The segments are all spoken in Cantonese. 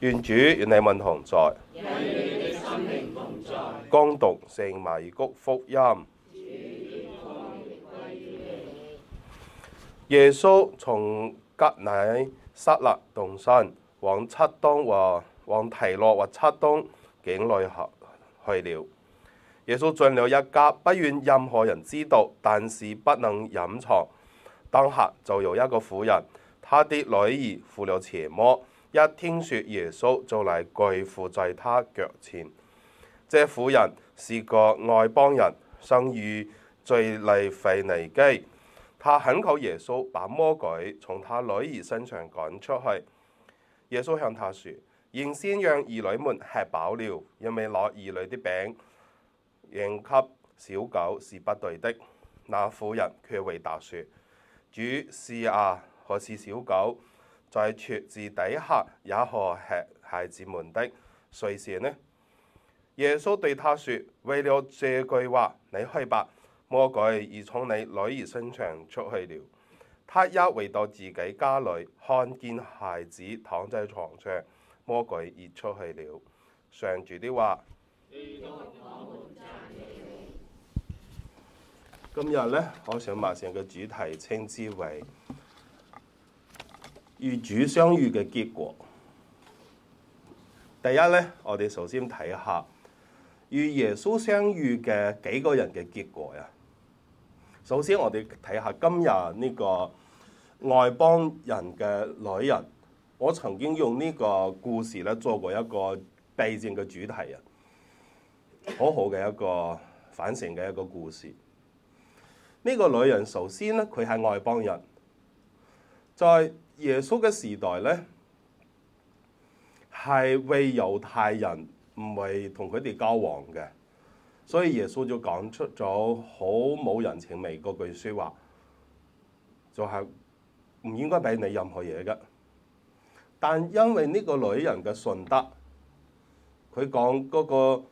願主與你們同在，同在恭讀聖馬爾谷福音。歸歸耶穌從革乃撒勒動身，往漆冬或往提洛或漆冬境內去了。耶穌進了一家，不願任何人知道，但是不能隱藏。當下就有一個婦人，她的女兒附了邪魔。一聽說耶穌就嚟跪伏在他腳前，這婦人是個外邦人、生於敘利腓尼基，他懇求耶穌把魔鬼從他女兒身上趕出去。耶穌向他説：應先讓兒女們吃飽了，因為攞兒女的餅扔給小狗是不對的。那婦人卻回答説：主是啊，可是小狗，在桌子底下也可吃孩子們的碎屑呢？耶穌對他說：為了這句話，你去吧。魔鬼已從你女兒身上出去了。他一回到自己家裏，看見孩子躺在床上，魔鬼已出去了。上主的話。今日呢，我想馬上嘅主題稱之為。與主相遇嘅結果，第一呢，我哋首先睇下與耶穌相遇嘅幾個人嘅結果啊。首先，我哋睇下今日呢個外邦人嘅女人，我曾經用呢個故事呢做過一個避靜嘅主題啊，好好嘅一個反省嘅一個故事。呢個女人首先呢佢係外邦人，在耶穌嘅時代咧，係為猶太人唔係同佢哋交往嘅，所以耶穌就講出咗好冇人情味句説話，就係、是、唔應該俾你任何嘢嘅。但因為呢個女人嘅信德，佢講嗰個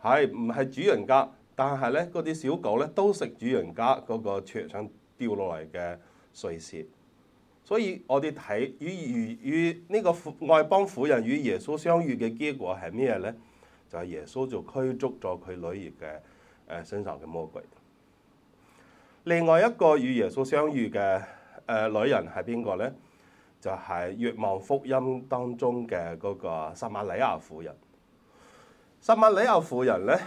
係唔係主人家，但係咧嗰啲小狗咧都食主人家嗰、那個桌上掉落嚟嘅碎屑。所以我哋睇與與與呢個外邦婦人與耶穌相遇嘅結果係咩咧？就係、是、耶穌就驅逐咗佢女兒嘅誒身上嘅魔鬼。另外一個與耶穌相遇嘅誒女人係邊個咧？就係《若望福音》當中嘅嗰個撒瑪利亞婦人。撒瑪利亞婦人咧，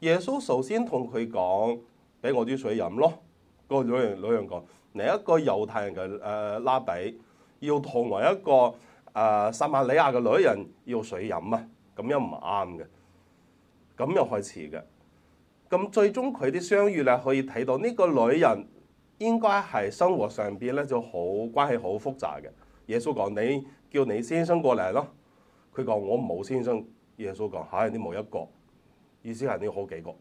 耶穌首先同佢講：俾我啲水飲咯。嗰個女人女人講。嚟一個猶太人嘅誒拉比，要同埋一個誒撒瑪利亞嘅女人要水飲啊，咁樣唔啱嘅，咁又開始嘅。咁最終佢啲相遇咧，可以睇到呢、這個女人應該係生活上邊咧就好關係好複雜嘅。耶穌講：你叫你先生過嚟咯。佢講：我冇先生。耶穌講：嚇、哎，你冇一個，意思係你好幾個。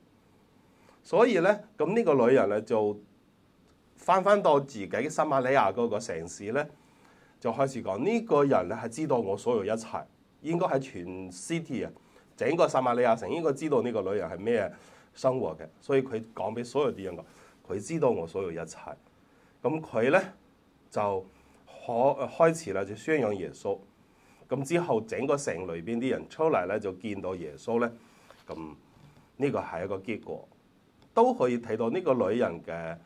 所以咧，咁呢個女人咧就。翻翻到自己嘅撒瑪利亞嗰個城市咧，就開始講呢個人咧係知道我所有一切，應該喺全 city 啊，整個撒瑪利亞城應該知道呢個女人係咩生活嘅，所以佢講俾所有啲人講，佢知道我所有一切。咁佢咧就可開始啦，就宣揚耶穌。咁之後整個城裏邊啲人出嚟咧，就見到耶穌咧。咁呢個係一個結果，都可以睇到呢個女人嘅。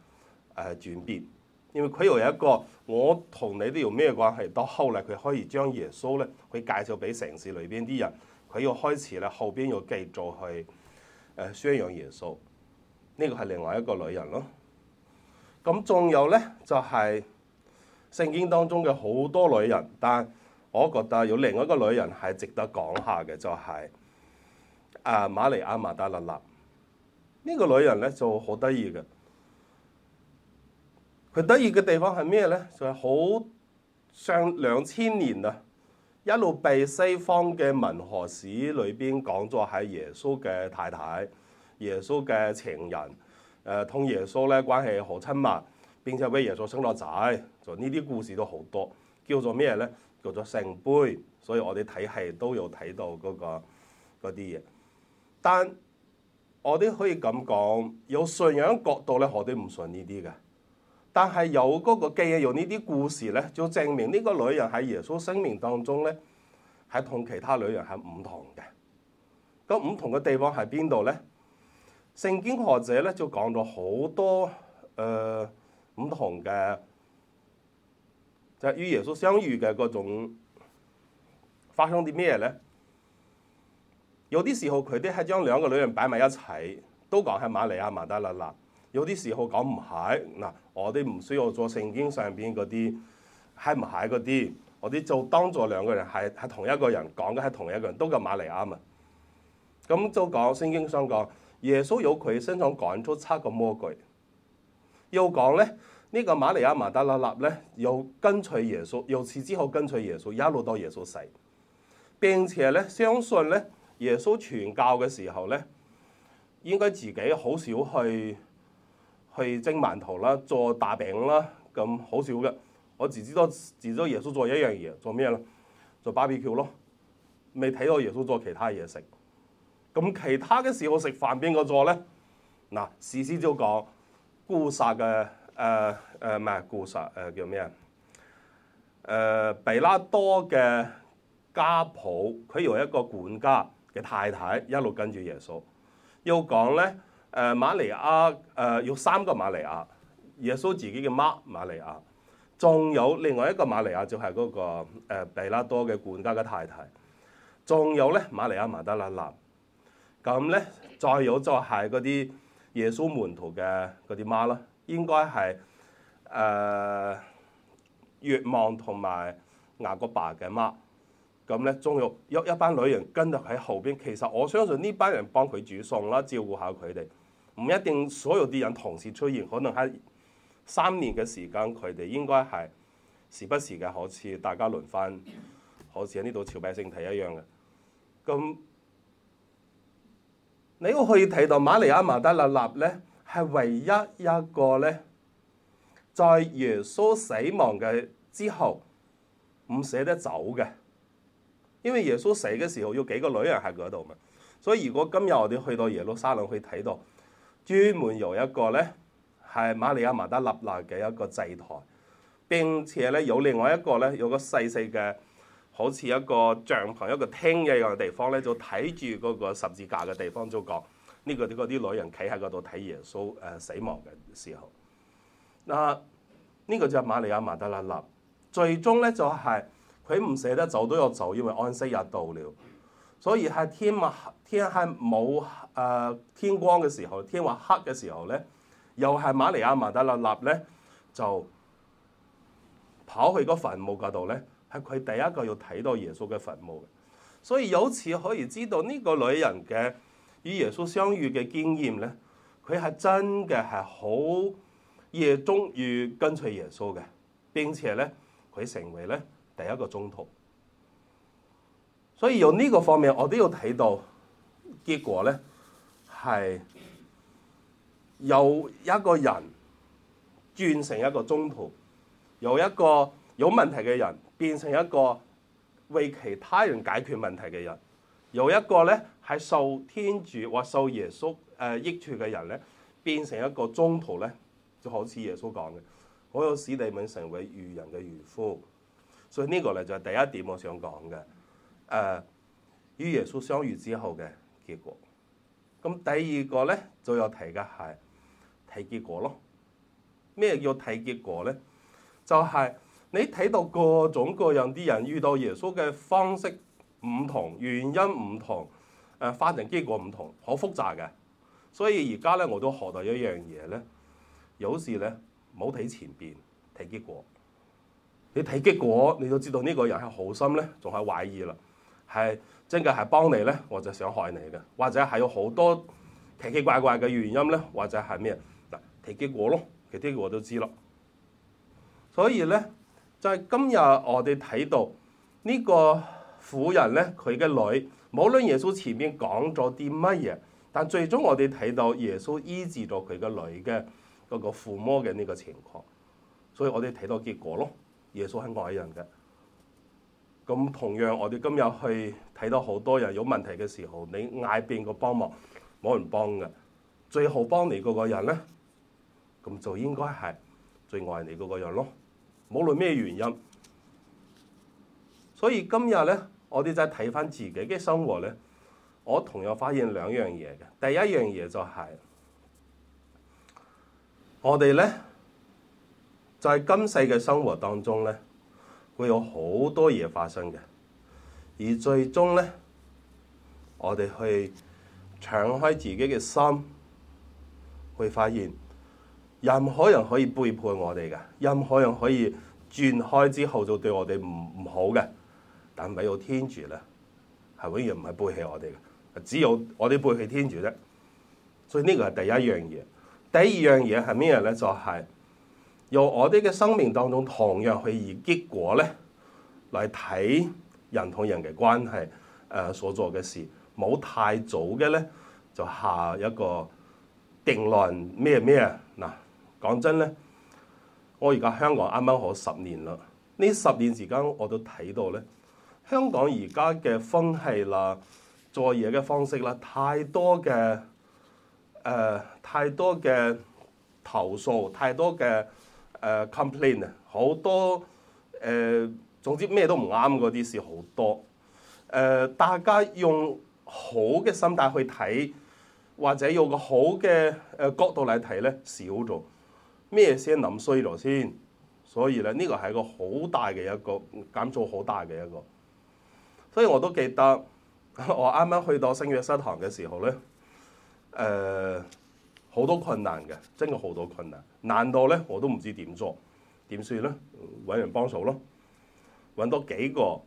誒，轉變，因為佢又有一個，我同你都有咩關係，到後嚟，佢可以將耶穌咧，佢介紹俾城市裏邊啲人，佢要開始咧，後邊要繼續去誒宣揚耶穌，呢個係另外一個女人咯。咁仲有咧，就係聖經當中嘅好多女人，但我覺得有另外一個女人係值得講下嘅，就係啊瑪利亞瑪達勒納呢、這個女人咧，就好得意嘅。佢得意嘅地方係咩咧？就係、是、好上兩千年啊，一路被西方嘅文學史裏邊講咗，喺耶穌嘅太太、耶穌嘅情人，誒、呃、同耶穌咧關係好親密，並且畀耶穌生咗仔，就呢啲故事都好多。叫做咩咧？叫做聖杯。所以我哋睇戲都有睇到嗰、那個嗰啲嘢。但我哋可以咁講，有信仰角度咧，我哋唔信呢啲嘅。但係有嗰個記憶用呢啲故事咧，就證明呢個女人喺耶穌生命當中咧，係同其他女人係唔同嘅。咁唔同嘅地方喺邊度咧？聖經學者咧就講咗好多誒唔同嘅，就係與、呃就是、耶穌相遇嘅嗰種發生啲咩咧？有啲時候佢哋係將兩個女人擺埋一齊，都講係瑪利亞、瑪德勒娜。有啲時候講唔係，嗱我哋唔需要做聖經上邊嗰啲係唔係嗰啲，我哋就當咗兩個人係係同一個人講嘅係同一個人都叫瑪利亞嘛。咁就講聖經上講，耶穌有佢身上趕出七個魔鬼。又講咧呢、呢個瑪利亞瑪德拉納咧，又跟隨耶穌，由此之後跟隨耶穌一路到耶穌死。並且咧相信咧耶穌傳教嘅時候咧，應該自己好少去。去蒸饅頭啦，做大餅啦，咁好少嘅。我只知道只知道耶穌做一樣嘢，做咩咧？做 barbecue 咯。未睇到耶穌做其他嘢食。咁其他嘅時候食飯邊個做咧？嗱，史詩就講，古撒嘅誒誒唔係古撒誒叫咩啊？誒、呃呃呃呃呃呃呃呃、比拉多嘅家僕，佢由一個管家嘅太太一路跟住耶穌，要講咧。誒瑪麗亞誒有三個瑪麗亞，耶穌自己嘅媽瑪麗亞，仲有另外一個瑪麗亞就係嗰個、呃、比拉多嘅管家嘅太太，仲有咧瑪麗亞麻德拉納，咁咧再有就係嗰啲耶穌門徒嘅嗰啲媽啦，應該係誒若望同埋雅各伯嘅媽，咁咧仲有一一班女人跟住喺後邊，其實我相信呢班人幫佢煮餸啦，照顧下佢哋。唔一定所有啲人同時出現，可能喺三年嘅時間，佢哋應該係時不時嘅，好似大家輪番，好似喺呢度朝拜聖體一樣嘅。咁你去睇到瑪利亞·瑪達肋納咧，係唯一一個咧，在耶穌死亡嘅之後唔捨得走嘅，因為耶穌死嘅時候有幾個女人喺嗰度嘛。所以如果今日我哋去到耶路撒冷去睇到。專門由一個咧係瑪利亞·瑪德納納嘅一個祭台，並且咧有另外一個咧有個細細嘅好似一個帳篷一個廳一樣嘅地方咧就睇住嗰個十字架嘅地方就講呢、這個啲啲女人企喺嗰度睇耶穌誒死亡嘅時候。嗱、這、呢個就係瑪利亞·瑪德納納，最終咧就係佢唔捨得走都要走，因為安息日到了。所以喺天晚天喺冇誒天光嘅、呃、時候，天還黑嘅時候咧，又係瑪利亞·瑪德勒納咧就跑去個墳墓嗰度咧，係佢第一個要睇到耶穌嘅墳墓嘅。所以有次可以知道呢、這個女人嘅與耶穌相遇嘅經驗咧，佢係真嘅係好熱衷於跟隨耶穌嘅，並且咧佢成為咧第一個宗徒。所以由呢個方面我，我都要睇到結果咧，係由一個人轉成一個宗徒，由一個有問題嘅人變成一個為其他人解決問題嘅人，由一個咧係受天主或受耶穌誒、呃、益處嘅人咧，變成一個宗徒咧，就好似耶穌講嘅，我要使你們成為漁人嘅漁夫。所以個呢個咧就係、是、第一點，我想講嘅。誒與耶穌相遇之後嘅結果，咁第二個咧就有提嘅係睇結果咯。咩叫睇結果咧？就係、是、你睇到各種各樣啲人，人遇到耶穌嘅方式唔同，原因唔同，誒，反正結果唔同，好複雜嘅。所以而家咧，我都學到一樣嘢咧，有時咧冇睇前邊，睇結果。你睇結果，你就知道呢個人係好心咧，仲係懷疑啦。係真嘅係幫你咧，我就想害你嘅，或者係有好多奇奇怪怪嘅原因咧，或者係咩？嗱，睇結果咯，睇結果都知啦。所以咧，在、就係、今日我哋睇到呢個婦人咧，佢嘅女，無論耶穌前面講咗啲乜嘢，但最終我哋睇到耶穌醫治咗佢嘅女嘅嗰個附魔嘅呢個情況，所以我哋睇到結果咯。耶穌係愛人嘅。咁同樣，我哋今日去睇到好多人有問題嘅時候，你嗌邊個幫忙，冇人幫嘅。最好幫你嗰個人咧，咁就應該係最愛你嗰個人咯。無論咩原因，所以今日咧，我哋就睇翻自己嘅生活咧，我同樣發現兩樣嘢嘅。第一樣嘢就係我哋咧，在今世嘅生活當中咧，會有好多嘢發生嘅，而最終咧，我哋去敞開自己嘅心，會發現任何人可以背叛我哋嘅，任何人可以轉開之後就對我哋唔唔好嘅，但唯有天主咧，係永遠唔係背棄我哋嘅，只有我哋背棄天主咧。所以呢個係第一樣嘢，第二樣嘢係咩嘢咧？就係、是。由我哋嘅生命當中同樣去以結果咧，嚟睇人同人嘅關係，誒、呃、所做嘅事，冇太早嘅咧，就下一個定論咩咩啊？嗱，講真咧，我而家香港啱啱好十年啦，呢十年時間我都睇到咧，香港而家嘅風氣啦，做嘢嘅方式啦，太多嘅誒、呃，太多嘅投訴，太多嘅。誒 complain 啊，好、uh, 多誒、呃，總之咩都唔啱嗰啲事好多。誒、呃，大家用好嘅心態去睇，或者用個好嘅誒、呃、角度嚟睇咧，少咗咩先諗衰咗先。所以咧，呢個係一個好大嘅一個減造好大嘅一個。所以我都記得我啱啱去到聖若瑟堂嘅時候咧，誒、呃。好多困難嘅，真係好多困難。難到咧，我都唔知點做，點算咧？揾人幫手咯，揾多幾個誒、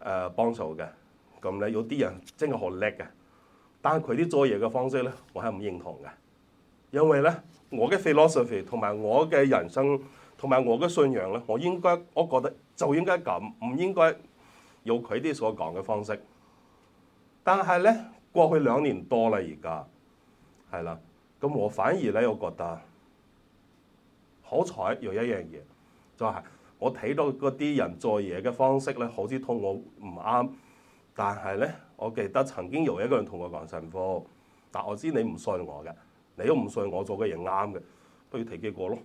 呃、幫手嘅。咁咧，有啲人真係好叻嘅，但係佢啲做嘢嘅方式咧，我係唔認同嘅。因為咧，我嘅 philosophy 同埋我嘅人生同埋我嘅信仰咧，我應該，我覺得就應該咁，唔應該用佢啲所講嘅方式。但係咧，過去兩年多啦，而家係啦。咁我反而咧，我覺得好彩有一樣嘢，就係我睇到嗰啲人做嘢嘅方式咧，好似同我唔啱。但係咧，我記得曾經有一個人同我講，神父，但我知你唔信我嘅，你都唔信我做嘅嘢啱嘅，都要睇結果咯。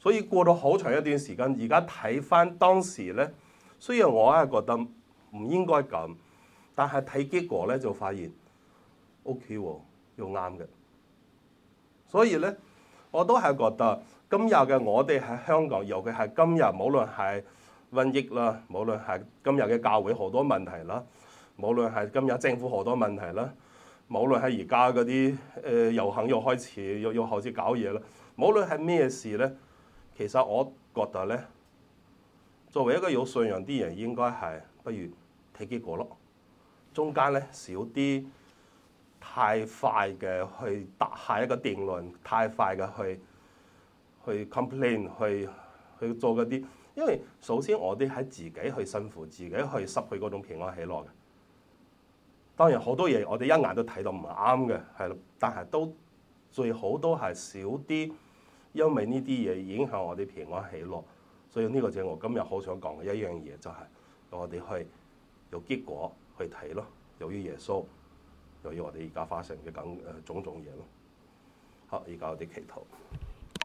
所以過咗好長一段時間，而家睇翻當時咧，雖然我係覺得唔應該咁，但係睇結果咧就發現，OK 喎，要啱嘅。所以咧，我都係覺得今日嘅我哋喺香港，尤其係今日，無論係瘟疫啦，無論係今日嘅教會好多問題啦，無論係今日政府好多問題啦，無論係而家嗰啲誒遊行又開始，又又開始搞嘢啦，無論係咩事咧，其實我覺得咧，作為一個有信仰啲人應該，應該係不如睇結果咯，中間咧少啲。太快嘅去下一個定論，太快嘅去去 complain，去去做嗰啲，因為首先我哋喺自己去辛苦，自己去失去嗰種平安喜樂嘅。當然好多嘢我哋一眼都睇到唔啱嘅，係咯，但係都最好都係少啲，因為呢啲嘢影響我哋平安喜樂。所以呢個就係我今日好想講嘅一樣嘢，就係、是、我哋去有結果去睇咯，由於耶穌。由於我哋而家發生嘅咁誒種種嘢咯，好，而家有啲祈禱。